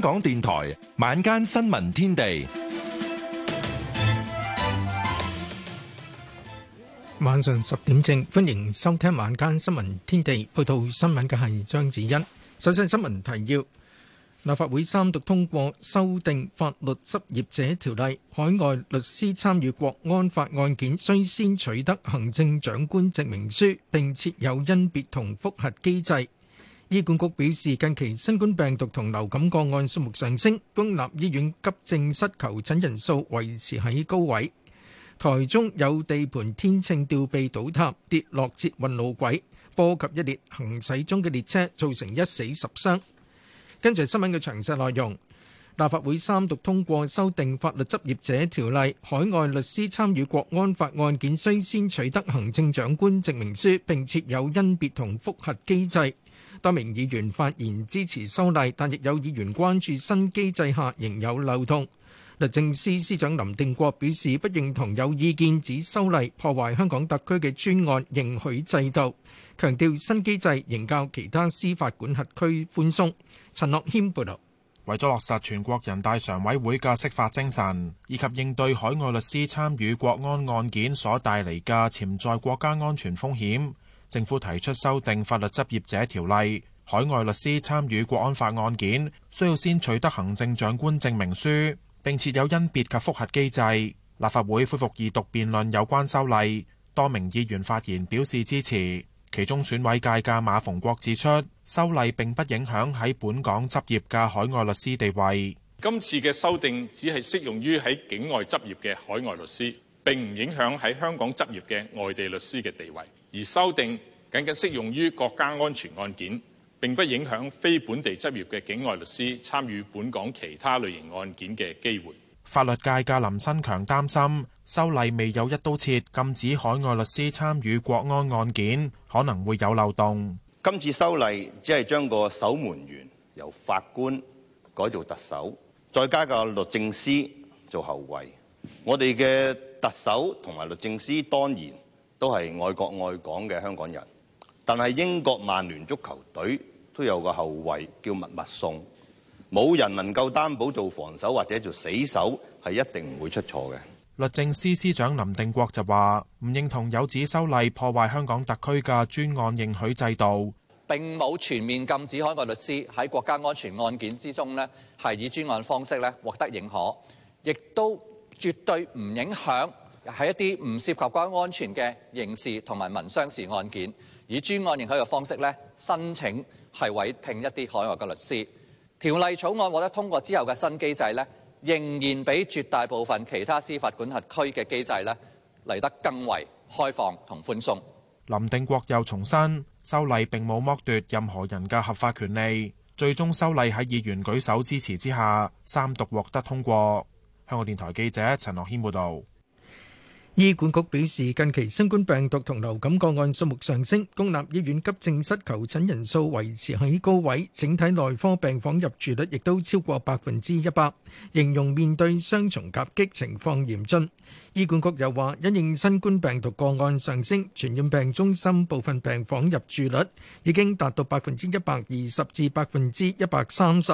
香港電台晚間新聞天地，晚上十點正，歡迎收聽晚間新聞天地。報道新聞嘅係張子欣。首先，新聞提要：立法會三讀通過修訂《法律執業者條例》，海外律師參與國安法案件，需先取得行政長官證明書，並設有甄別同複核機制。醫管局表示，近期新冠病毒同流感個案數目上升，公立醫院急症室求診人數維持喺高位。台中有地盤天秤吊臂倒塌，跌落捷運路軌，波及一列行駛中嘅列車，造成一死十傷。跟住新聞嘅詳細內容，立法會三讀通過修訂法律執業者條例，海外律師參與國安法案件，需先取得行政長官證明書，並設有甄別同複核機制。多名議員發言支持修例，但亦有議員關注新機制下仍有漏洞。律政司司長林定國表示不認同有意見指修例破壞香港特區嘅專案認許制度，強調新機制仍較其他司法管轄區寬鬆。陳樂謙報導。為咗落實全國人大常委會嘅釋法精神，以及應對海外律師參與國安案件所帶嚟嘅潛在國家安全風險。政府提出修訂法律執業者條例，海外律師參與國安法案件需要先取得行政長官證明書，並設有甄別及複核機制。立法會恢復二讀辯論有關修例，多名議員發言表示支持。其中，選委界嘅馬逢國指出，修例並不影響喺本港執業嘅海外律師地位。今次嘅修訂只係適用於喺境外執業嘅海外律師，並唔影響喺香港執業嘅外地律師嘅地位。而修訂僅僅適用於國家安全案件，並不影響非本地執業嘅境外律師參與本港其他類型案件嘅機會。法律界嘅林新強擔心修例未有一刀切禁止海外律師參與國安案件，可能會有漏洞。今次修例只係將個守門員由法官改做特首，再加個律政司做後衛。我哋嘅特首同埋律政司當然。都係愛國愛港嘅香港人，但係英國曼聯足球隊都有個後衞叫密密送，冇人能夠擔保做防守或者做死守係一定唔會出錯嘅。律政司司長林定國就話：唔認同有指修例破壞香港特區嘅專案認許制度，並冇全面禁止海外律師喺國家安全案件之中呢係以專案方式呢獲得認可，亦都絕對唔影響。喺一啲唔涉及關安全嘅刑事同埋民商事案件，以專案認可嘅方式咧，申請係委聘一啲海外嘅律師。條例草案獲得通過之後嘅新機制咧，仍然比絕大部分其他司法管轄區嘅機制咧嚟得更為開放同寬鬆。林定國又重申，修例並冇剝奪任何人嘅合法權利。最終修例喺議員舉手支持之下三讀獲得通過。香港電台記者陳樂軒報導。醫管局表示，近期新冠病毒同流感個案數目上升，公立醫院急症室求診人數維持喺高位，整體內科病房入住率亦都超過百分之一百，形容面對雙重夾擊情況嚴峻。醫管局又話，因應新冠病毒個案上升，傳染病中心部分病房入住率已經達到百分之一百二十至百分之一百三十。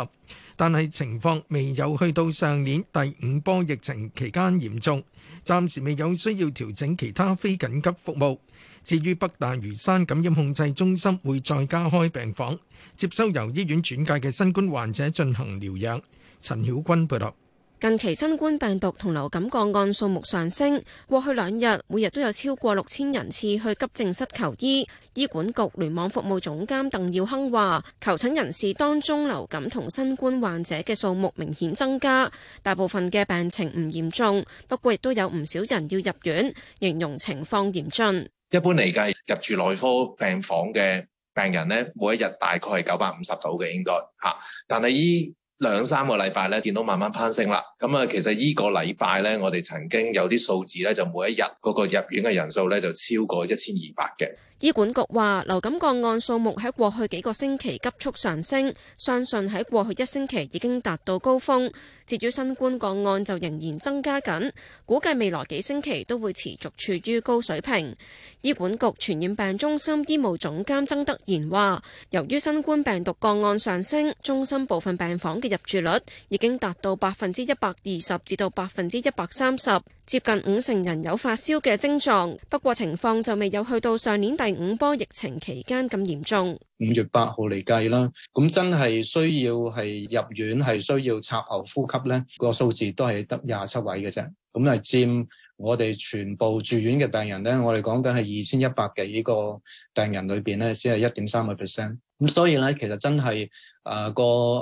但係情況未有去到上年第五波疫情期間嚴重，暫時未有需要調整其他非緊急服務。至於北大嶼山感染控制中心會再加開病房，接收由醫院轉介嘅新冠患者進行療養。陳曉君報道。近期新冠病毒同流感個案數目上升，過去兩日每日都有超過六千人次去急症室求醫。醫管局聯網服務總監鄧耀鏗話，求診人士當中流感同新冠患者嘅數目明顯增加，大部分嘅病情唔嚴重，不過亦都有唔少人要入院，形容情況嚴峻。一般嚟計，入住內科病房嘅病人呢，每一日大概係九百五十度嘅應該吓，但係依兩三個禮拜咧，見到慢慢攀升啦。咁啊，其實呢個禮拜咧，我哋曾經有啲數字咧，就每一日嗰個入院嘅人數咧，就超過一千二百嘅。醫管局話流感個案數目喺過去幾個星期急速上升，相信喺過去一星期已經達到高峰。至於新冠個案就仍然增加緊，估計未來幾星期都會持續處於高水平。醫管局傳染病中心醫務總監曾德賢話，由於新冠病毒個案上升，中心部分病房嘅入住率已經達到百分之一百二十至到百分之一百三十。接近五成人有發燒嘅症狀，不過情況就未有去到上年第五波疫情期間咁嚴重。五月八號嚟計啦，咁真係需要係入院係需要插喉呼吸咧，嗰個數字都係得廿七位嘅啫。咁係佔我哋全部住院嘅病人咧，我哋講緊係二千一百幾個病人裏邊咧，只係一點三個 percent。咁所以咧，其實真係誒、呃嗰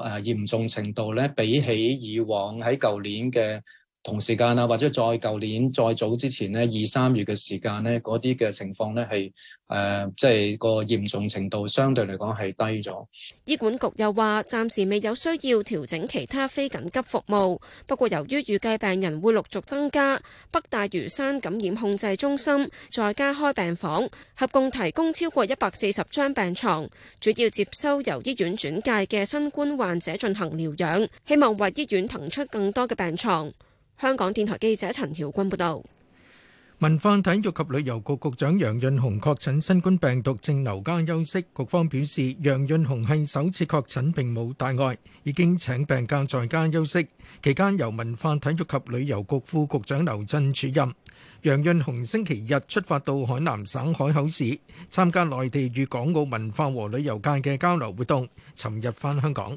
個誒嚴重程度咧，比起以往喺舊年嘅。同時間啊，或者再舊年再早之前咧，二三月嘅時間咧，嗰啲嘅情況咧係誒，即係個嚴重程度相對嚟講係低咗。醫管局又話，暫時未有需要調整其他非緊急服務，不過由於預計病人會陸續增加，北大嶼山感染控制中心再加開病房，合共提供超過一百四十張病床，主要接收由醫院轉介嘅新冠患者進行療養，希望為醫院騰出更多嘅病床。香港電台記者陳曉君報道，文化體育及旅遊局局長楊潤雄確診新冠病毒，正留家休息。局方表示，楊潤雄係首次確診，並冇大礙，已經請病假在家休息。期間由文化體育及旅遊局副局長劉振署任。楊潤雄星期日出發到海南省海口市參加內地與港澳文化和旅遊界嘅交流活動，尋日返香港。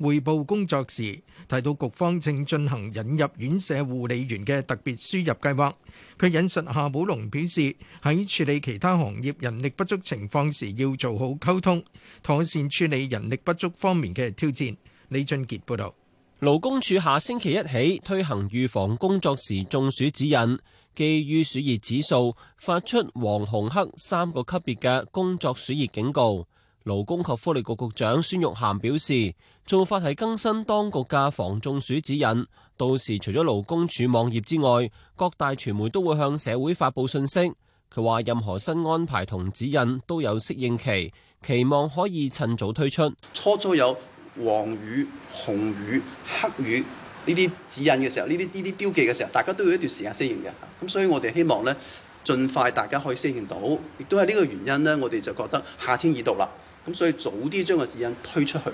匯報工作時提到，局方正進行引入院舍護理員嘅特別輸入計劃。佢引述夏寶龍表示，喺處理其他行業人力不足情況時要做好溝通，妥善處理人力不足方面嘅挑戰。李俊傑報導。勞工處下星期一起推行預防工作時中暑指引，基於暑熱指數發出黃、紅、黑三個級別嘅工作暑熱警告。勞工及福利局局長孫玉菡表示，做法係更新當局嘅防中暑指引。到時除咗勞工處網頁之外，各大傳媒都會向社會發佈信息。佢話任何新安排同指引都有適應期，期望可以趁早推出。初初有黃雨、紅雨、黑雨呢啲指引嘅時候，呢啲呢啲標記嘅時候，大家都要一段時間適應嘅。咁所以我哋希望呢，盡快大家可以適應到。亦都係呢個原因呢，我哋就覺得夏天已到啦。咁所以早啲將個指引推出去，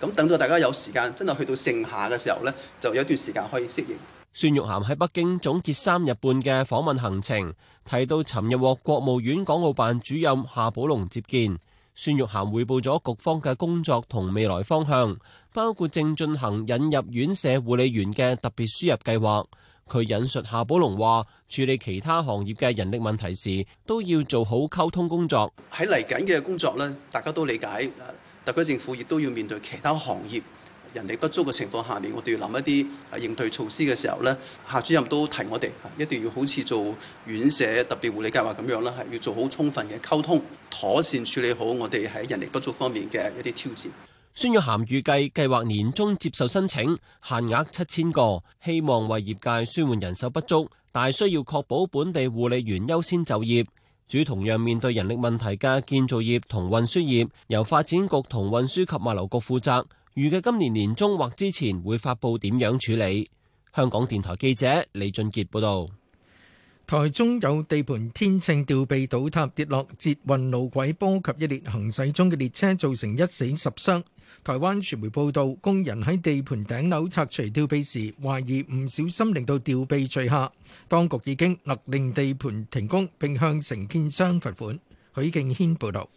咁等到大家有時間，真係去到盛夏嘅時候呢，就有一段時間可以適應。孫玉菡喺北京總結三日半嘅訪問行程，提到尋日獲國務院港澳辦主任夏寶龍接見，孫玉菡彙報咗局方嘅工作同未來方向，包括正進行引入院舍護理員嘅特別輸入計劃。佢引述夏寶龍話，處理其他行業嘅人力問題時，都要做好溝通工作。喺嚟緊嘅工作咧，大家都理解，特區政府亦都要面對其他行業人力不足嘅情況下面，我哋要諗一啲應對措施嘅時候咧，夏主任都提我哋一定要好似做院舍，特別護理計劃咁樣啦，係要做好充分嘅溝通，妥善處理好我哋喺人力不足方面嘅一啲挑戰。孫玉菡預計計劃年終接受申請，限額七千個，希望為業界紓緩人手不足，但需要確保本地護理員優先就業。至於同樣面對人力問題嘅建造業同運輸業，由發展局同運輸及物流局負責，預計今年年中或之前會發佈點樣處理。香港電台記者李俊杰報道。台中有地盤天秤吊臂倒塌，跌落捷運路軌，波及一列行駛中嘅列車，造成一死十傷。台灣傳媒報道，工人喺地盤頂樓拆除吊臂時，懷疑唔小心令到吊臂墜下。當局已經勒令地盤停工，並向承建商罰款。許敬軒報導。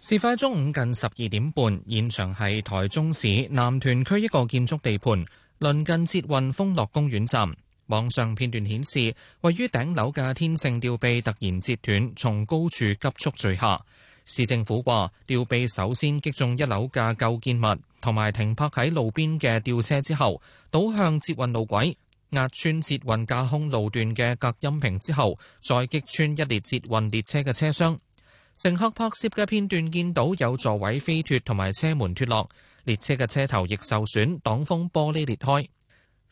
事發中午近十二點半，現場係台中市南屯區一個建築地盤，鄰近捷運豐樂公園站。網上片段顯示，位於頂樓嘅天性吊臂突然折斷，從高處急速墜下。市政府話，吊臂首先擊中一樓架舊建物同埋停泊喺路邊嘅吊車之後，倒向捷運路軌，壓穿捷運架空路段嘅隔音屏之後，再擊穿一列捷運列車嘅車廂。乘客拍攝嘅片段見到有座位飛脱同埋車門脱落，列車嘅車頭亦受損，擋風玻璃裂開。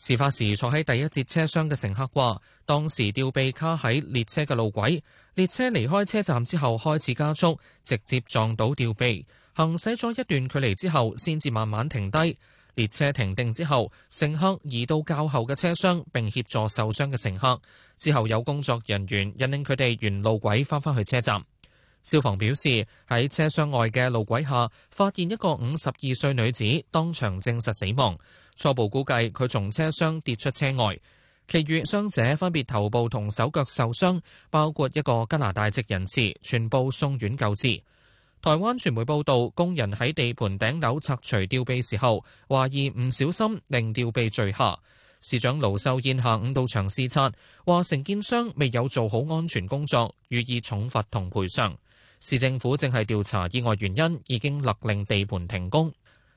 事發時坐喺第一節車廂嘅乘客話，當時吊臂卡喺列車嘅路軌，列車離開車站之後開始加速，直接撞到吊臂，行駛咗一段距離之後先至慢慢停低。列車停定之後，乘客移到較後嘅車廂，並協助受傷嘅乘客。之後有工作人員引領佢哋沿路軌返返去車站。消防表示，喺車廂外嘅路軌下發現一個五十二歲女子，當場證實死亡。初步估計，佢從車廂跌出車外，其餘傷者分別頭部同手腳受傷，包括一個加拿大籍人士，全部送院救治。台灣傳媒報道，工人喺地盤頂樓拆除吊臂時候，懷疑唔小心令吊臂墜下。市長盧秀燕下午到場視察，話承建商未有做好安全工作，予以重罰同賠償。市政府正係調查意外原因，已經勒令地盤停工。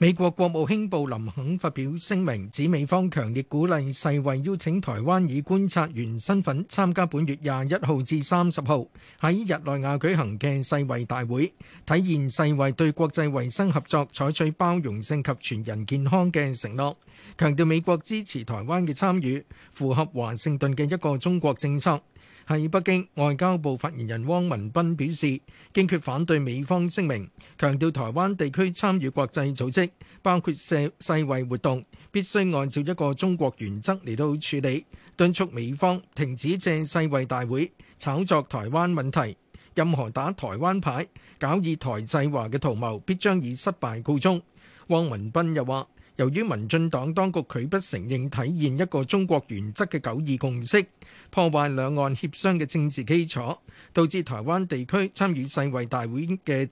美國國務卿布林肯發表聲明，指美方強烈鼓勵世衛邀請台灣以觀察員身份參加本月廿一號至三十號喺日內瓦舉行嘅世衛大會，體現世衛對國際衞生合作採取包容性及全人健康嘅承諾，強調美國支持台灣嘅參與符合華盛頓嘅一個中國政策。喺北京外交部發言人汪文斌表示，堅決反對美方聲明，強調台灣地區參與國際組織，包括世世衛活動，必須按照一個中國原則嚟到處理，敦促美方停止借世衛大會炒作台灣問題。任何打台灣牌、搞以台制華嘅圖謀，必將以失敗告終。汪文斌又話。由於民進黨當局拒不承認體現一個中國原則嘅九二共識，破壞兩岸協商嘅政治基礎，導致台灣地區參與世衛大會嘅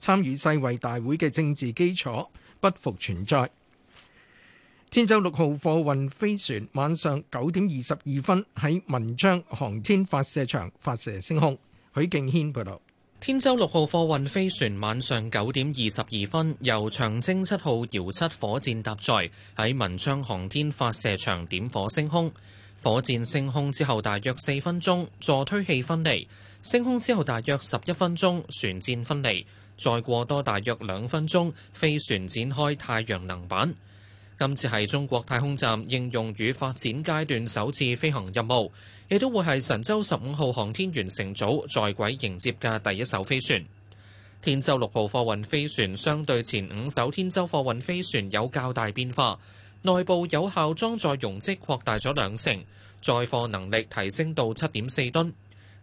參與世衛大會嘅政治基礎不復存在。天舟六號貨運飛船晚上九點二十二分喺文昌航天發射場發射升空。許敬軒報導。天舟六號貨運飛船晚上九點二十二分，由長征七號遙七火箭搭載喺文昌航天發射場點火升空。火箭升空之後大約四分鐘，助推器分離；升空之後大約十一分鐘，船箭分離；再過多大約兩分鐘，飛船展開太陽能板。今次係中國太空站應用與發展階段首次飛行任務。亦都會係神舟十五號航天員乘組在軌迎接嘅第一艘飛船。天舟六號貨運飛船相對前五艘天舟貨運飛船有較大變化，內部有效裝載容積擴大咗兩成，載貨能力提升到七點四噸。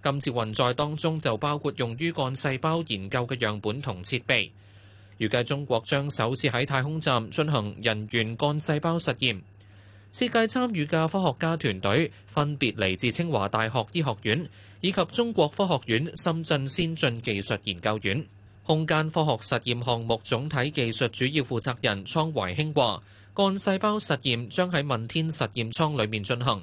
今次運載當中就包括用於幹細胞研究嘅樣本同設備。預計中國將首次喺太空站進行人員幹細胞實驗。設計參與嘅科學家團隊分別嚟自清華大學醫學院以及中國科學院深圳先進技術研究院。空間科學實驗項目總體技術主要負責人倉懷興話：幹細胞實驗將喺問天實驗艙裏面進行，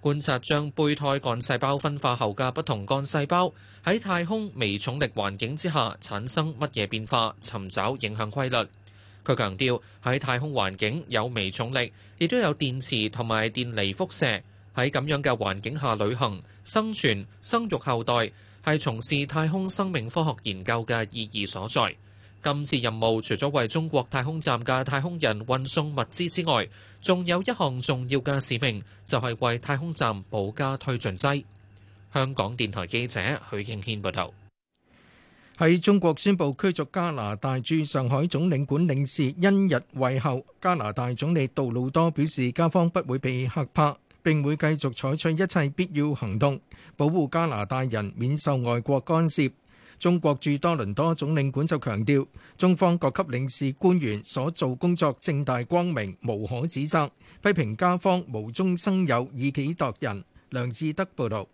觀察將胚胎幹細胞分化後嘅不同幹細胞喺太空微重力環境之下產生乜嘢變化，尋找影響規律。佢強調喺太空環境有微重力，亦都有電磁同埋電離輻射。喺咁樣嘅環境下旅行、生存、生育後代，係從事太空生命科學研究嘅意義所在。今次任務除咗為中國太空站嘅太空人運送物資之外，仲有一項重要嘅使命，就係為太空站補加推進劑。香港電台記者許敬軒報道。喺中國宣布驅逐加拿大駐上海總領館領事甄逸慧後，加拿大總理杜魯多表示，加方不會被嚇怕，並會繼續採取一切必要行動，保護加拿大人免受外國干涉。中國駐多倫多總領館就強調，中方各級領事官員所做工作正大光明，無可指責，批評加方無中生有，以己度人。梁志德報導。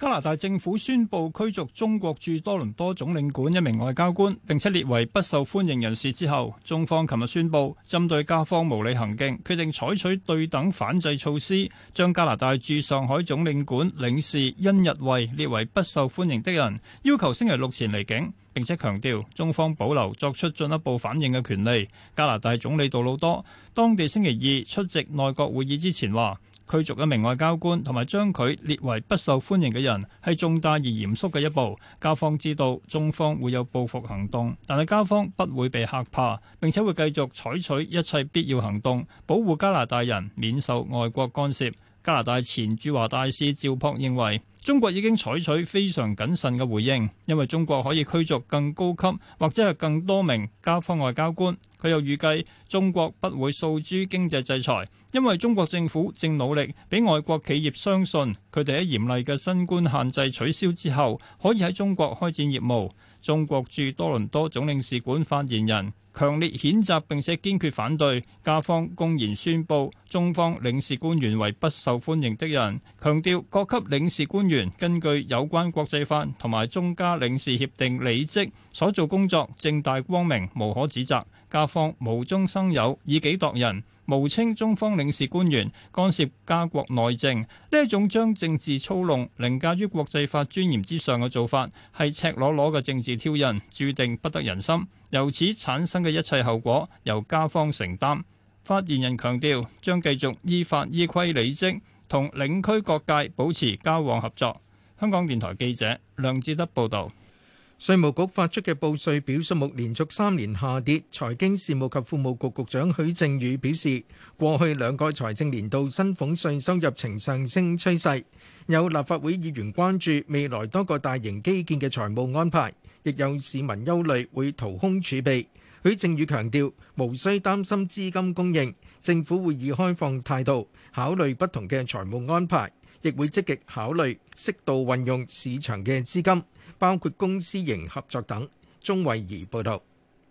加拿大政府宣布驅逐中國駐多倫多總領館一名外交官，並且列為不受歡迎人士之後，中方琴日宣布針對加方無理行徑，決定採取對等反制措施，將加拿大駐上海總領館領事殷日衛列為不受歡迎的人，要求星期六前離境，並且強調中方保留作出進一步反應嘅權利。加拿大總理杜魯多當地星期二出席內閣會議之前話。驅逐一名外交官同埋將佢列為不受歡迎嘅人，係重大而嚴肅嘅一步。加方知道中方會有報復行動，但係加方不會被嚇怕，並且會繼續採取一切必要行動，保護加拿大人免受外國干涉。加拿大前駐華大使趙樸認為，中國已經採取非常謹慎嘅回應，因為中國可以驅逐更高級或者係更多名加方外交官。佢又預計中國不會訴諸經濟制裁。因為中國政府正努力俾外國企業相信，佢哋喺嚴厲嘅新冠限制取消之後，可以喺中國開展業務。中國駐多倫多總領事館發言人強烈譴責並且堅決反對，加方公然宣佈中方領事官員為不受歡迎的人，強調各級領事官員根據有關國際法同埋中加領事協定履職所做工作正大光明，無可指責。加方無中生有，以己度人。誣稱中方領事官員干涉家國內政，呢一種將政治操弄凌駕於國際法尊嚴之上嘅做法，係赤裸裸嘅政治挑釁，注定不得人心。由此產生嘅一切後果，由家方承擔。發言人強調，將繼續依法依規履職，同領區各界保持交往合作。香港電台記者梁志德報道。稅務局發出嘅報稅表數目連續三年下跌。財經事務及庫務局局長許正宇表示，過去兩個財政年度薪俸稅收入呈上升趨勢。有立法會議員關注未來多個大型基建嘅財務安排，亦有市民憂慮會掏空儲備。許正宇強調，無需擔心資金供應，政府會以開放態度考慮不同嘅財務安排，亦會積極考慮適度運用市場嘅資金。包括公私營合作等。鍾慧怡報道。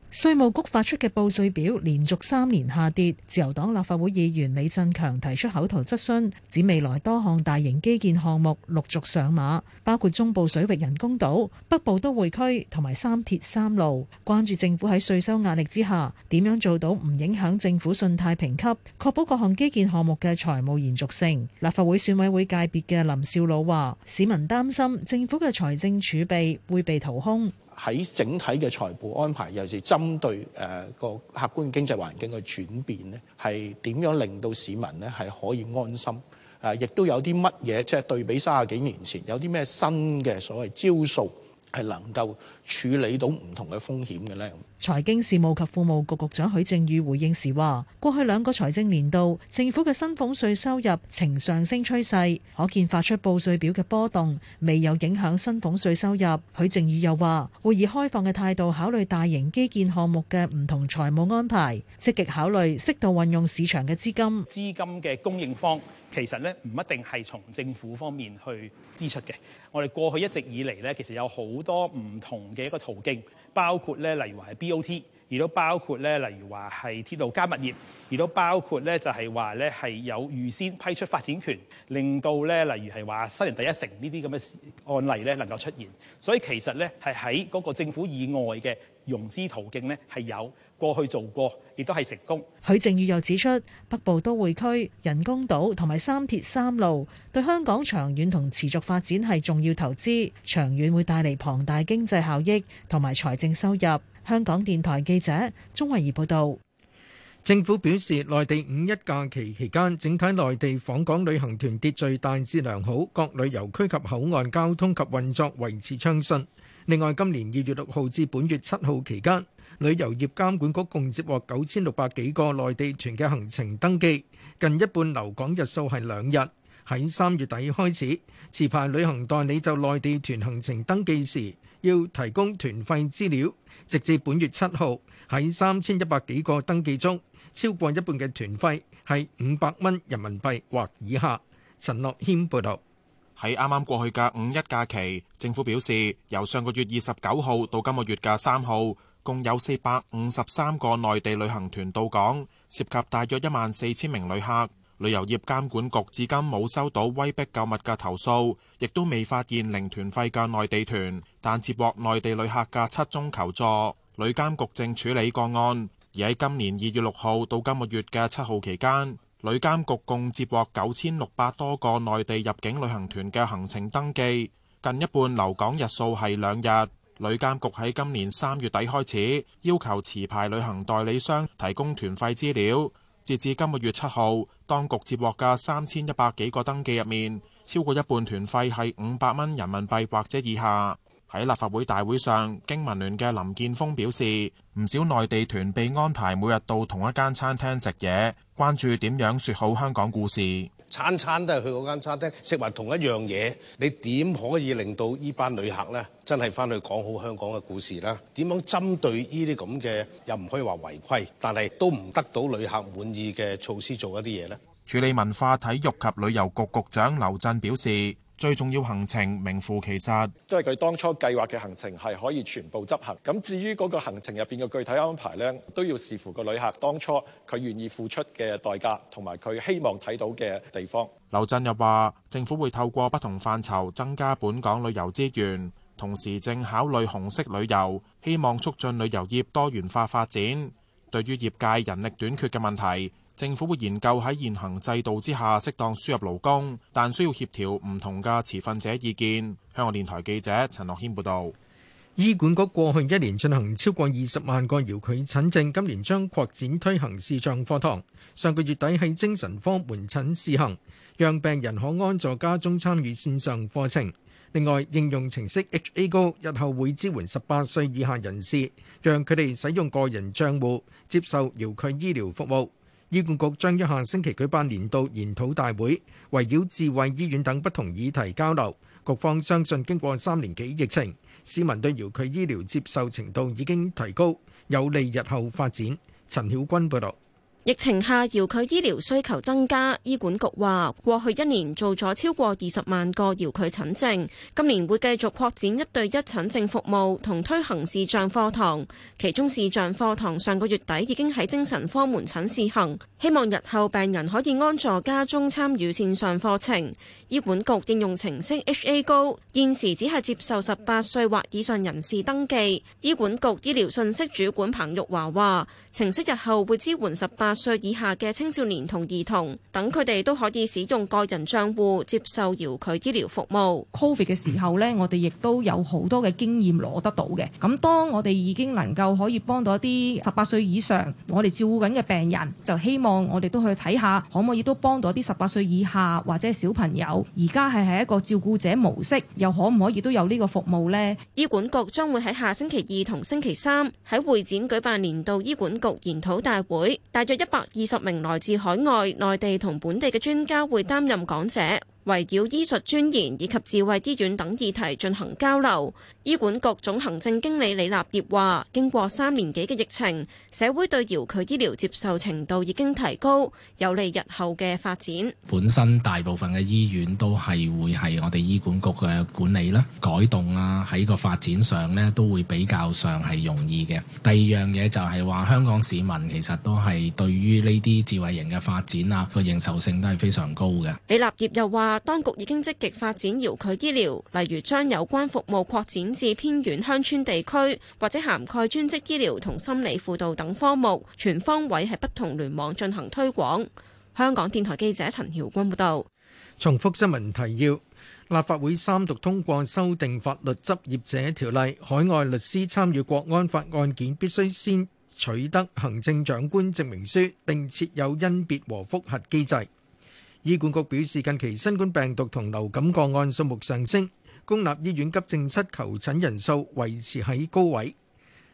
稅務局發出嘅報稅表連續三年下跌，自由黨立法會議員李振強提出口頭質詢，指未來多項大型基建項目陸續上馬，包括中部水域人工島、北部都會區同埋三鐵三路，關注政府喺稅收壓力之下點樣做到唔影響政府信貸評級，確保各項基建項目嘅財務延續性。立法會選委會界別嘅林少魯話：市民擔心政府嘅財政儲備會被掏空。喺整體嘅財務安排，尤其是針對誒、呃、個客觀經濟環境嘅轉變咧，係點樣令到市民咧係可以安心？誒、呃，亦都有啲乜嘢即係對比三十幾年前有啲咩新嘅所謂招數，係能夠處理到唔同嘅風險嘅咧？財經事務及庫務局局長許正宇回應時話，過去兩個財政年度，政府嘅薪俸稅收入呈上升趨勢，可見發出報稅表嘅波動，未有影響薪俸稅收入。許正宇又話，會以開放嘅態度考慮大型基建項目嘅唔同財務安排，積極考慮適度運用市場嘅資金。資金嘅供應方其實呢，唔一定係從政府方面去支出嘅，我哋過去一直以嚟呢，其實有好多唔同嘅一個途徑。包括咧，例如話係 BOT，亦都包括咧，例如話係鐵路加物業，亦都包括咧，就係話咧係有預先批出發展權，令到咧，例如係話新城第一城呢啲咁嘅案例咧能夠出現。所以其實咧係喺嗰個政府以外嘅融資途徑咧係有。過去做過，亦都係成功。許正宇又指出，北部都會區、人工島同埋三鐵三路對香港長遠同持續發展係重要投資，長遠會帶嚟龐大經濟效益同埋財政收入。香港電台記者鍾慧儀報導。政府表示，內地五一假期期間，整體內地訪港旅行團秩序大致良好，各旅遊區及口岸交通及運作維持暢順。另外，今年二月六號至本月七號期間，旅遊業監管局共接獲九千六百幾個內地團嘅行程登記，近一半留港日數係兩日。喺三月底開始，持牌旅行代理就內地團行程登記時要提供團費資料。直至本月七號，喺三千一百幾個登記中，超過一半嘅團費係五百蚊人民幣或以下。陳樂謙報導。喺啱啱過去嘅五一假期，政府表示由上個月二十九號到今個月嘅三號，共有四百五十三個內地旅行團到港，涉及大約一萬四千名旅客。旅遊業監管局至今冇收到威逼購物嘅投訴，亦都未發現零團費嘅內地團，但接獲內地旅客嘅七宗求助。旅監局正處理個案。而喺今年二月六號到今個月嘅七號期間，旅監局共接獲九千六百多個內地入境旅行團嘅行程登記，近一半留港日數係兩日。旅監局喺今年三月底開始要求持牌旅行代理商提供團費資料，截至今個月七號，當局接獲嘅三千一百幾個登記入面，超過一半團費係五百蚊人民幣或者以下。喺立法會大會上，經民聯嘅林健鋒表示，唔少內地團被安排每日到同一間餐廳食嘢，關注點樣說好香港故事。餐餐都係去嗰間餐廳食埋同一樣嘢，你點可以令到依班旅客咧真係返去講好香港嘅故事啦？點樣針對呢啲咁嘅又唔可以話違規，但係都唔得到旅客滿意嘅措施做一啲嘢咧？處理文化體育及旅遊局局長劉震表示。最重要行程名副其實，即係佢當初計劃嘅行程係可以全部執行。咁至於嗰個行程入邊嘅具體安排咧，都要視乎個旅客當初佢願意付出嘅代價，同埋佢希望睇到嘅地方。劉振又話政府會透過不同範疇增加本港旅遊資源，同時正考慮紅色旅遊，希望促進旅遊業多元化發展。對於業界人力短缺嘅問題，政府會研究喺現行制度之下適當輸入勞工，但需要協調唔同嘅持份者意見。香港電台記者陳樂軒報導，醫管局過去一年進行超過二十萬個遙距診症，今年將擴展推行視像課堂。上個月底喺精神科門診試行，讓病人可安坐家中參與線上課程。另外，應用程式 HA Go 日後會支援十八歲以下人士，讓佢哋使用個人帳戶接受遙距醫療服務。醫管局將於下星期舉辦年度研討大會，圍繞智慧醫院等不同議題交流。局方相信經過三年幾疫情，市民對遙距醫療接受程度已經提高，有利日後發展。陳曉君報道。疫情下，遙距醫療需求增加，醫管局話過去一年做咗超過二十萬個遙距診症，今年會繼續擴展一對一診症服務同推行視像課堂。其中視像課堂上個月底已經喺精神科門診試行，希望日後病人可以安坐家中參與線上課程。醫管局應用程式 HA 高現時只係接受十八歲或以上人士登記。醫管局醫療信息主管彭玉華話。程式日後會支援十八歲以下嘅青少年同兒童，等佢哋都可以使用個人帳戶接受遙距醫療服務。Covid 嘅時候呢，我哋亦都有好多嘅經驗攞得到嘅。咁當我哋已經能夠可以幫到一啲十八歲以上，我哋照顧緊嘅病人，就希望我哋都去睇下可唔可以都幫到一啲十八歲以下或者小朋友。而家係係一個照顧者模式，又可唔可以都有呢個服務呢？醫管局將會喺下星期二同星期三喺會展舉辦年度醫管局。研討大會大約一百二十名來自海外、內地同本地嘅專家會擔任講者。圍繞醫術尊嚴以及智慧醫院等議題進行交流。醫管局總行政經理李立業話：經過三年幾嘅疫情，社會對遙距醫療接受程度已經提高，有利日後嘅發展。本身大部分嘅醫院都係會係我哋醫管局嘅管理啦，改動啊喺個發展上呢都會比較上係容易嘅。第二樣嘢就係話香港市民其實都係對於呢啲智慧型嘅發展啊，個認受性都係非常高嘅。李立業又話。當局已經積極發展遙距醫療，例如將有關服務擴展至偏遠鄉村地區，或者涵蓋專職醫療同心理輔導等科目，全方位喺不同聯網進行推廣。香港電台記者陳曉君報道。重複新聞提要：立法會三讀通過修訂法律執業者條例，海外律師參與國安法案件必須先取得行政長官證明書，並設有甄別和複核機制。醫管局表示，近期新冠病毒同流感個案數目上升，公立醫院急症室求診人數維持喺高位。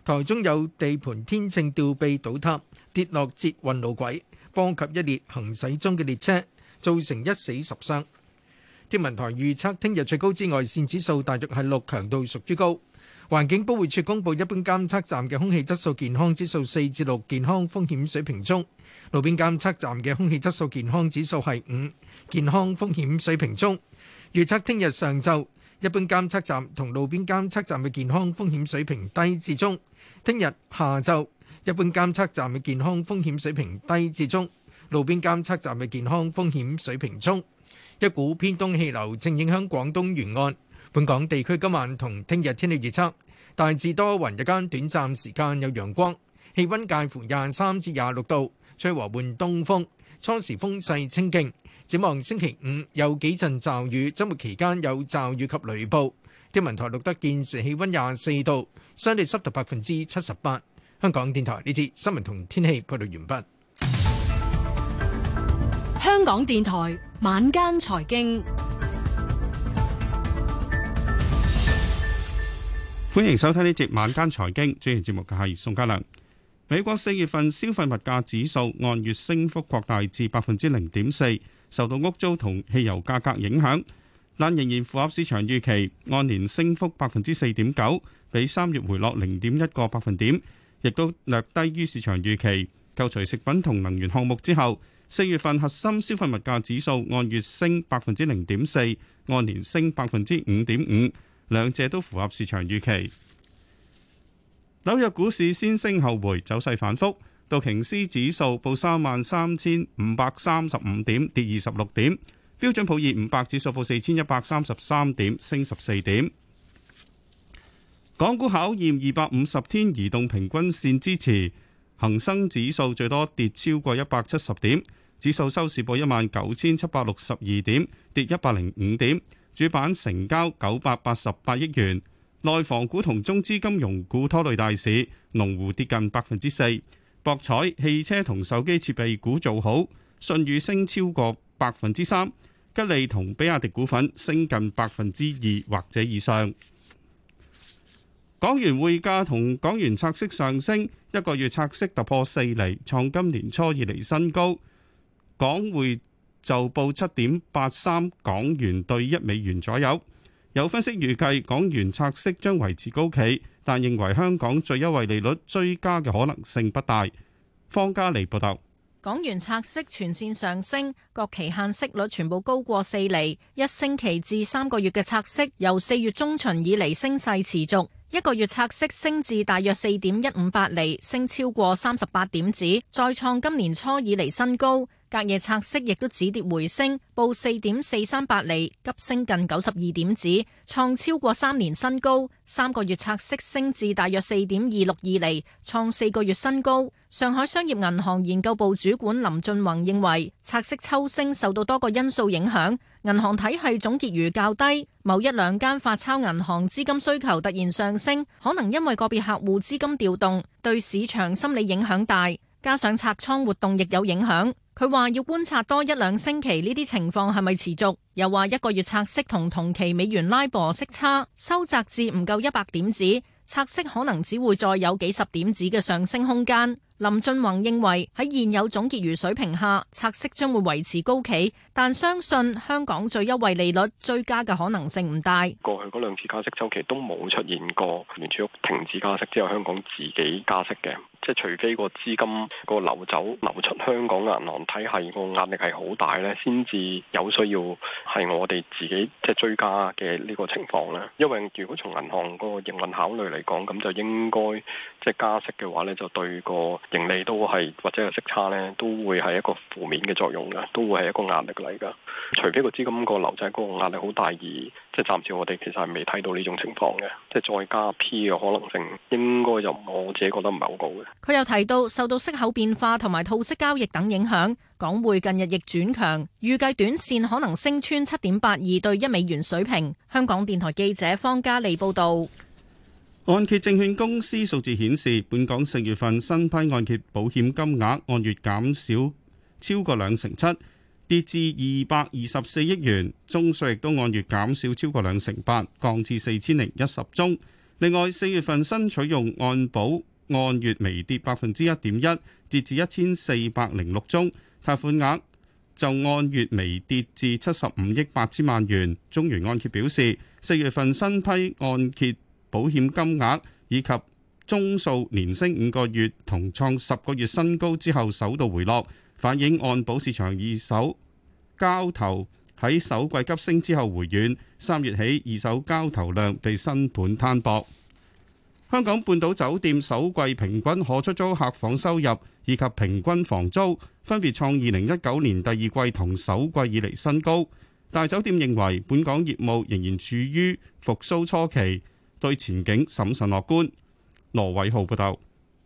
台中有地盤天秤吊臂倒塌，跌落捷運路軌，波及一列行駛中嘅列車，造成一死十傷。天文台預測，聽日最高紫外線指數大約係六，強度屬於高。環境保護署公布一般監測站嘅空氣質素健康指數四至六，6, 健康風險水平中；路邊監測站嘅空氣質素健康指數係五，健康風險水平中。預測聽日上晝，一般監測站同路邊監測站嘅健康風險水平低至中；聽日下晝，一般監測站嘅健康風險水平低至中，路邊監測站嘅健康風險水平中。一股偏東氣流正影響廣東沿岸。本港地區今晚同聽日天氣預測，大致多雲，日間短暫時間有陽光，氣溫介乎廿三至廿六度，吹和緩東風，初時風勢清勁。展望星期五有幾陣驟雨，周末期間有驟雨及雷暴。天文台錄得現時氣溫廿四度，相對濕度百分之七十八。香港電台呢節新聞同天氣報道完畢。香港電台晚間財經。歡迎收睇呢節晚間財經，主持節目嘅係宋嘉良。美國四月份消費物價指數按月升幅擴大至百分之零點四，受到屋租同汽油價格影響，但仍然符合市場預期，按年升幅百分之四點九，比三月回落零點一個百分點，亦都略低於市場預期。扣除食品同能源項目之後，四月份核心消費物價指數按月升百分之零點四，按年升百分之五點五。兩者都符合市場預期。紐約股市先升後回，走勢反覆。道瓊斯指數報三萬三千五百三十五點，跌二十六點。標準普爾五百指數報四千一百三十三點，升十四點。港股考驗二百五十天移動平均線支持，恒生指數最多跌超過一百七十點，指數收市報一萬九千七百六十二點，跌一百零五點。主板成交九百八十八億元，內房股同中資金融股拖累大市，龍湖跌近百分之四，博彩、汽車同手機設備股做好，舜宇升超過百分之三，吉利同比亞迪股份升近百分之二或者以上。港元匯價同港元拆息上升，一個月拆息突破四厘，創今年初以嚟新高，港匯就報七點八三港元兌一美元左右。有分析預計港元拆息將維持高企，但認為香港最優惠利率追加嘅可能性不大。方家妮報道，港元拆息全線上升，各期限息率全部高過四厘。一星期至三個月嘅拆息由四月中旬以嚟升勢持續，一個月拆息升至大約四點一五八厘，升超過三十八點子，再創今年初以嚟新高。隔夜拆息亦都止跌回升，報四點四三八厘，急升近九十二點止，指創超過三年新高。三個月拆息升至大約四點二六二厘，創四個月新高。上海商業銀行研究部主管林俊宏認為，拆息抽升受到多個因素影響，銀行體系總結餘較低，某一兩間發鈔銀行資金需求突然上升，可能因為個別客戶資金調動，對市場心理影響大。加上拆倉活動亦有影響，佢話要觀察多一兩星期呢啲情況係咪持續？又話一個月拆息同同期美元拉博息差收窄至唔夠一百點子，拆息可能只會再有幾十點子嘅上升空間。林俊宏認為喺現有總結餘水平下，拆息將會維持高企，但相信香港最優惠利率追加嘅可能性唔大。過去嗰兩次加息周期都冇出現過聯儲局停止加息之後香港自己加息嘅，即係除非個資金嗰個流走流出香港銀行體系個壓力係好大咧，先至有需要係我哋自己即係追加嘅呢個情況咧。因為如果從銀行嗰個營運考慮嚟講，咁就應該即係加息嘅話咧，就對個盈利都係或者個息差咧，都會係一個負面嘅作用嘅，都會係一個壓力嚟噶。除非個資金個流滯嗰個壓力好大，而即係暫時我哋其實係未睇到呢種情況嘅，即係再加 P 嘅可能性應該就我自己覺得唔係好高嘅。佢又提到受到息口變化同埋套息交易等影響，港匯近日亦轉強，預計短線可能升穿七點八二對一美元水平。香港電台記者方嘉莉報道。按揭證券公司數字顯示，本港四月份新批按揭保險金額按月減少超過兩成七，跌至二百二十四億元；宗數亦都按月減少超過兩成八，降至四千零一十宗。另外，四月份新取用按保按月微跌百分之一點一，跌至一千四百零六宗；貸款額就按月微跌至七十五億八千萬元。中原按揭表示，四月份新批按揭保險金額以及宗數連升五個月，同創十個月新高之後，首度回落，反映按保市場二手交投喺首季急升之後回軟。三月起二手交投量被新盤攤薄。香港半島酒店首季平均可出租客房收入以及平均房租分別創二零一九年第二季同首季以嚟新高。大酒店認為本港業務仍然處於復甦初期。對前景審慎樂觀。羅偉浩報道：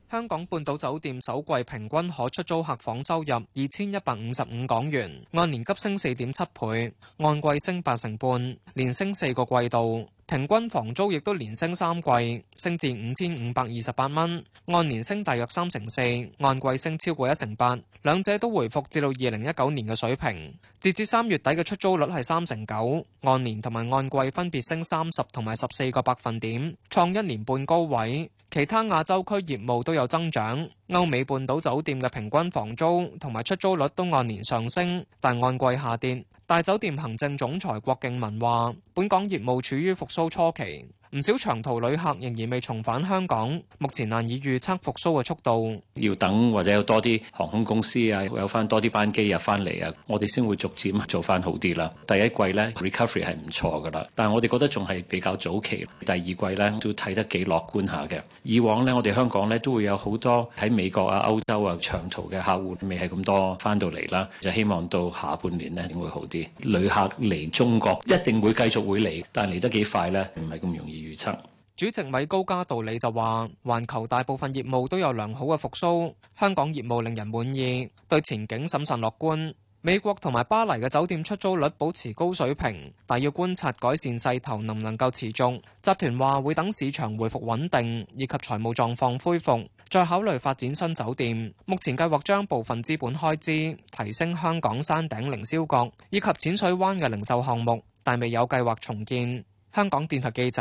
香港半島酒店首季平均可出租客房收入二千一百五十五港元，按年急升四點七倍，按季升八成半，連升四個季度。平均房租亦都連升三季，升至五千五百二十八蚊，按年升大約三成四，按季升超過一成八，兩者都回復至到二零一九年嘅水平。截至三月底嘅出租率係三成九，按年同埋按季分別升三十同埋十四個百分點，創一年半高位。其他亞洲區業務都有增長。歐美半島酒店嘅平均房租同埋出租率都按年上升，但按季下跌。大酒店行政總裁郭敬文話：本港業務處於復甦初期。唔少長途旅客仍然未重返香港，目前難以預測復甦嘅速度。要等或者有多啲航空公司啊，有翻多啲班機入翻嚟啊，我哋先會逐漸做翻好啲啦。第一季咧 recovery 係唔錯㗎啦，但係我哋覺得仲係比較早期。第二季咧都睇得幾樂觀下嘅。以往呢，我哋香港呢，都會有好多喺美國啊、歐洲啊長途嘅客戶，未係咁多翻到嚟啦。就希望到下半年呢，點會好啲。旅客嚟中國一定會繼續會嚟，但係嚟得幾快咧唔係咁容易。預測主席米高加道理就話環球大部分業務都有良好嘅復甦，香港業務令人滿意，對前景審慎樂觀。美國同埋巴黎嘅酒店出租率保持高水平，但要觀察改善勢頭能唔能夠持續。集團話會等市場回復穩定，以及財務狀況恢復，再考慮發展新酒店。目前計劃將部分資本開支提升香港山頂凌霄閣以及淺水灣嘅零售項目，但未有計劃重建。香港電台記者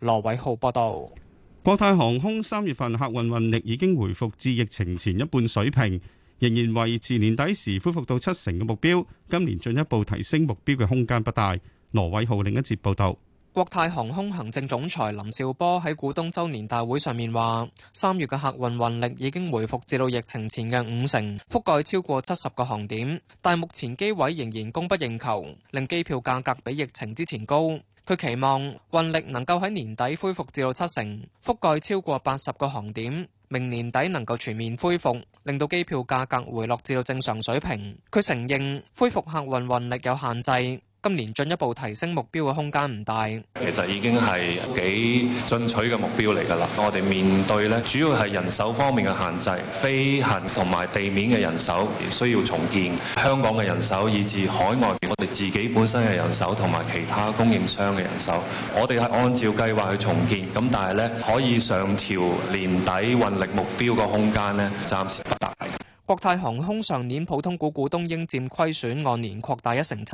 羅偉浩報道，國泰航空三月份客運運力已經回復至疫情前一半水平，仍然維持年底時恢復到七成嘅目標。今年進一步提升目標嘅空間不大。羅偉浩另一節報道。國泰航空行政總裁林紹波喺股東周年大會上面話：三月嘅客運運力已經回復至到疫情前嘅五成，覆蓋超過七十個航點，但目前機位仍然供不應求，令機票價格比疫情之前高。佢期望運力能夠喺年底恢復至到七成，覆蓋超過八十個航點，明年底能夠全面恢復，令到機票價格回落至到正常水平。佢承認恢復客運運力有限制。今年進一步提升目標嘅空間唔大，其實已經係幾進取嘅目標嚟㗎啦。我哋面對呢，主要係人手方面嘅限制，飛行同埋地面嘅人手需要重建。香港嘅人手以至海外我哋自己本身嘅人手同埋其他供應商嘅人手，我哋係按照計劃去重建。咁但係呢，可以上調年底運力目標嘅空間呢，暫時不大。國泰航空上年普通股股東應佔虧損按年擴大一成七。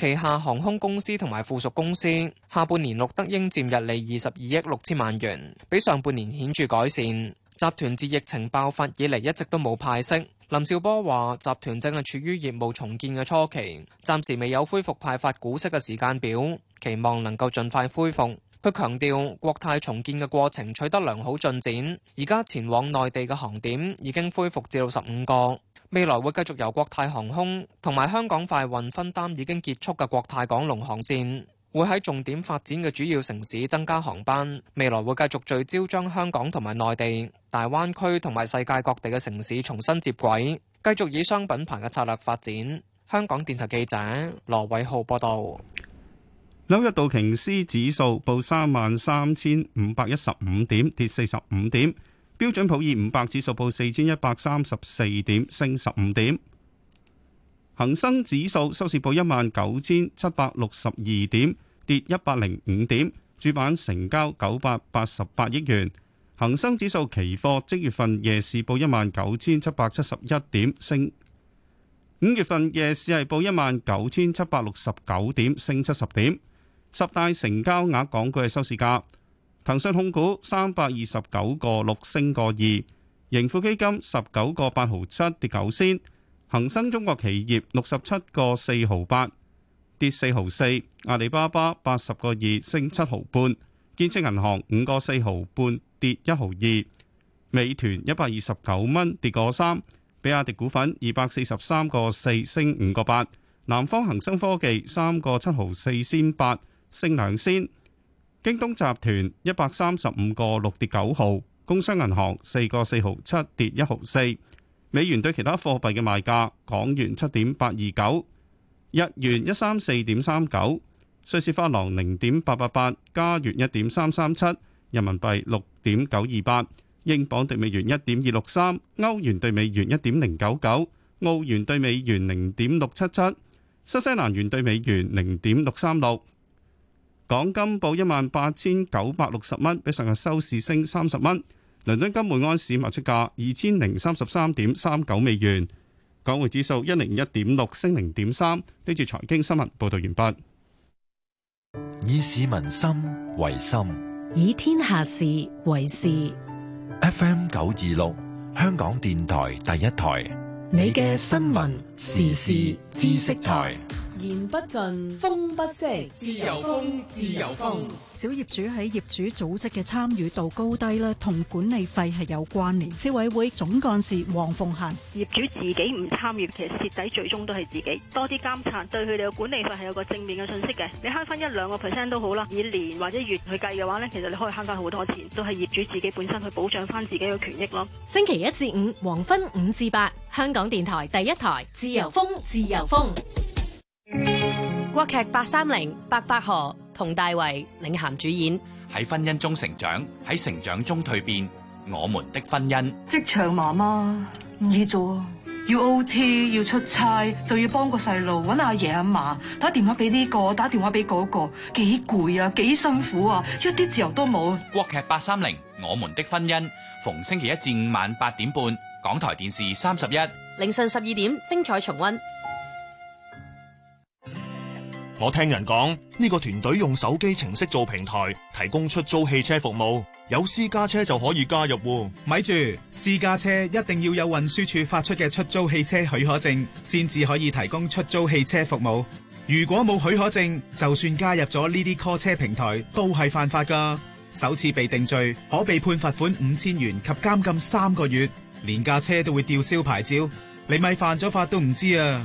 旗下航空公司同埋附屬公司下半年錄得應佔溢利二十二億六千萬元，比上半年顯著改善。集團自疫情爆發以嚟一直都冇派息。林少波話：集團正係處於業務重建嘅初期，暫時未有恢復派發股息嘅時間表，期望能夠盡快恢復。佢強調國泰重建嘅過程取得良好進展，而家前往內地嘅航點已經恢復至到十五個。未來會繼續由國泰航空同埋香港快運分擔已經結束嘅國泰港龍航線，會喺重點發展嘅主要城市增加航班。未來會繼續聚焦將香港同埋內地、大灣區同埋世界各地嘅城市重新接軌，繼續以雙品牌嘅策略發展。香港電台記者羅偉浩報道。紐約道瓊斯指數報三萬三千五百一十五點，跌四十五點。標準普爾五百指數報四千一百三十四點，升十五點。恒生指數收市報一萬九千七百六十二點，跌一百零五點。主板成交九百八十八億元。恒生指數期貨即月份夜市報一萬九千七百七十一點，升五月份夜市係報一萬九千七百六十九點，升七十點。十大成交額港股嘅收市價。騰訊控股三百二十九個六升個二，盈富基金十九個八毫七跌九仙，恒生中國企業六十七個四毫八跌四毫四，阿里巴巴八十個二升七毫半，建設銀行五個四毫半跌一毫二，美團一百二十九蚊跌個三，比亞迪股份二百四十三個四升五個八，南方恒生科技三個七毫四仙八升兩仙。京東集團一百三十五個六跌九毫，工商銀行四個四毫七跌一毫四。美元對其他貨幣嘅賣價：港元七點八二九，日元一三四點三九，瑞士法郎零點八八八，加元一點三三七，人民幣六點九二八，英鎊兌美元一點二六三，歐元兌美元一點零九九，澳元兌美元零點六七七，新西蘭元兌美元零點六三六。港金報一萬八千九百六十蚊，比上日收市升三十蚊。倫敦金每盎司賣出價二千零三十三點三九美元。港匯指數一零一點六升零點三。呢次財經新聞報道完畢。以市民心為心，以天下事為事。F M 九二六，香港電台第一台，你嘅新聞時事知識台。言不盡，風不息，自由風，自由風。小業主喺業主組織嘅參與度高低啦，同管理費係有關聯。消委會總幹事黃鳳嫻：業主自己唔參與，其實蝕底最終都係自己。多啲監察對佢哋嘅管理費係有個正面嘅信息嘅。你慳翻一兩個 percent 都好啦，以年或者月去計嘅話咧，其實你可以慳翻好多錢，都係業主自己本身去保障翻自己嘅權益咯。星期一至五黃昏五至八，香港電台第一台，自由風，自由風。國劇八三零，白百何、佟大為領銜主演。喺婚姻中成長，喺成長中蛻變。我們的婚姻，職場媽媽唔易做啊，要 O T，要出差，就要幫個細路，搵阿爺阿嫲，打電話俾呢個，打電話俾嗰個，幾攰啊，幾辛苦啊，一啲自由都冇。國劇八三零，我們的婚姻，逢星期一至五晚八點半，港台電視三十一，凌晨十二點，精彩重溫。我聽人講呢個團隊用手機程式做平台，提供出租汽車服務，有私家車就可以加入。咪住，私家車一定要有運輸署發出嘅出租汽車許可證，先至可以提供出租汽車服務。如果冇許可證，就算加入咗呢啲 call 車平台，都係犯法㗎。首次被定罪，可被判罰款五千元及監禁三個月，連架車都會吊銷牌照。你咪犯咗法都唔知啊！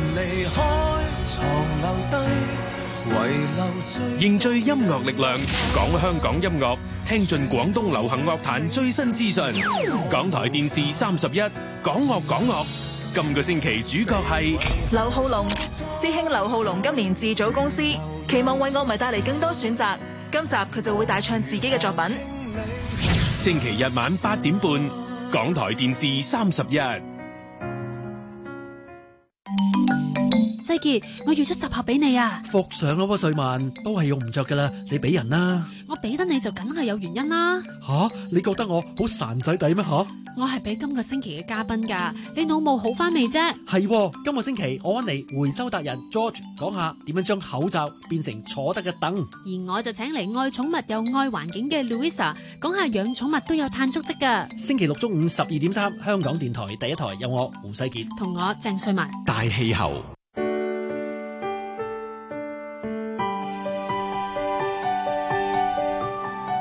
凝聚音樂力量，講香港音樂，聽盡廣東流行樂壇最新資訊。港台電視三十一，港樂港樂。今個星期主角係劉浩龍師兄。劉浩龍今年自組公司，期望為歌迷帶嚟更多選擇。今集佢就會大唱自己嘅作品。星期日晚八點半，港台電視三十一。世傑，我預咗十盒俾你啊！服上咯，歲萬都係用唔着噶啦，你俾人啦。我俾得你就梗係有原因啦。吓，你覺得我好散仔底咩？吓，我係俾今個星期嘅嘉賓噶，你腦冇好翻未啫？係今個星期，我揾嚟回收達人 George 講下點樣將口罩變成坐得嘅凳，而我就請嚟愛寵物又愛環境嘅 Louisa 講下養寵物都有碳足迹噶。星期六中午十二點三，香港電台第一台有我胡世傑同我鄭歲萬大氣候。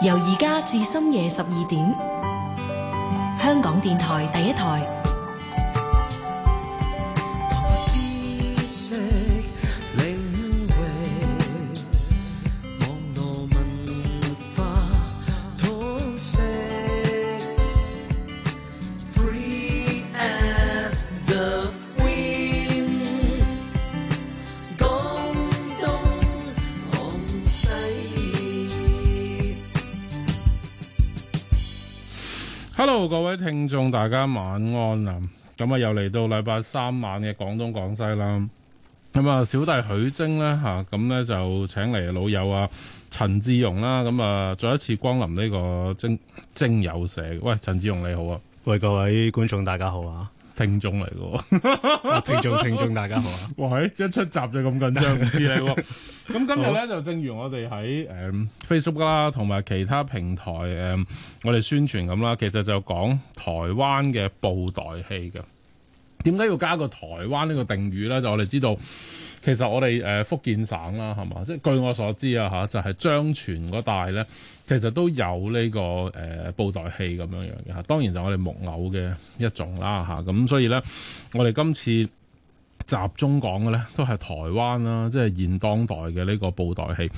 由而家至深夜十二點，香港電台第一台。各位聽眾，大家晚安啊！咁啊，又嚟到禮拜三晚嘅廣東廣西啦。咁啊，小弟許晶咧吓，咁咧就請嚟老友啊陳志榮啦。咁啊，再一次光臨呢個精精友社。喂，陳志榮你好啊！喂，各位觀眾大家好啊！聽眾嚟嘅，聽眾聽眾，大家好啊！哇， 一出閘就咁緊張，唔知你喎。咁 今日咧就正如我哋喺誒 Facebook 啦，同埋其他平台誒、嗯、我哋宣傳咁啦，其實就講台灣嘅布袋戲嘅。點解要加個台灣呢個定語咧？就我哋知道。其實我哋誒福建省啦，係嘛？即係據我所知啊嚇，就係、是、漳泉嗰帶咧，其實都有呢、這個誒、呃、布袋戲咁樣樣嘅嚇。當然就係我哋木偶嘅一種啦嚇。咁、啊、所以咧，我哋今次集中講嘅咧，都係台灣啦，即係現當代嘅呢個布袋戲。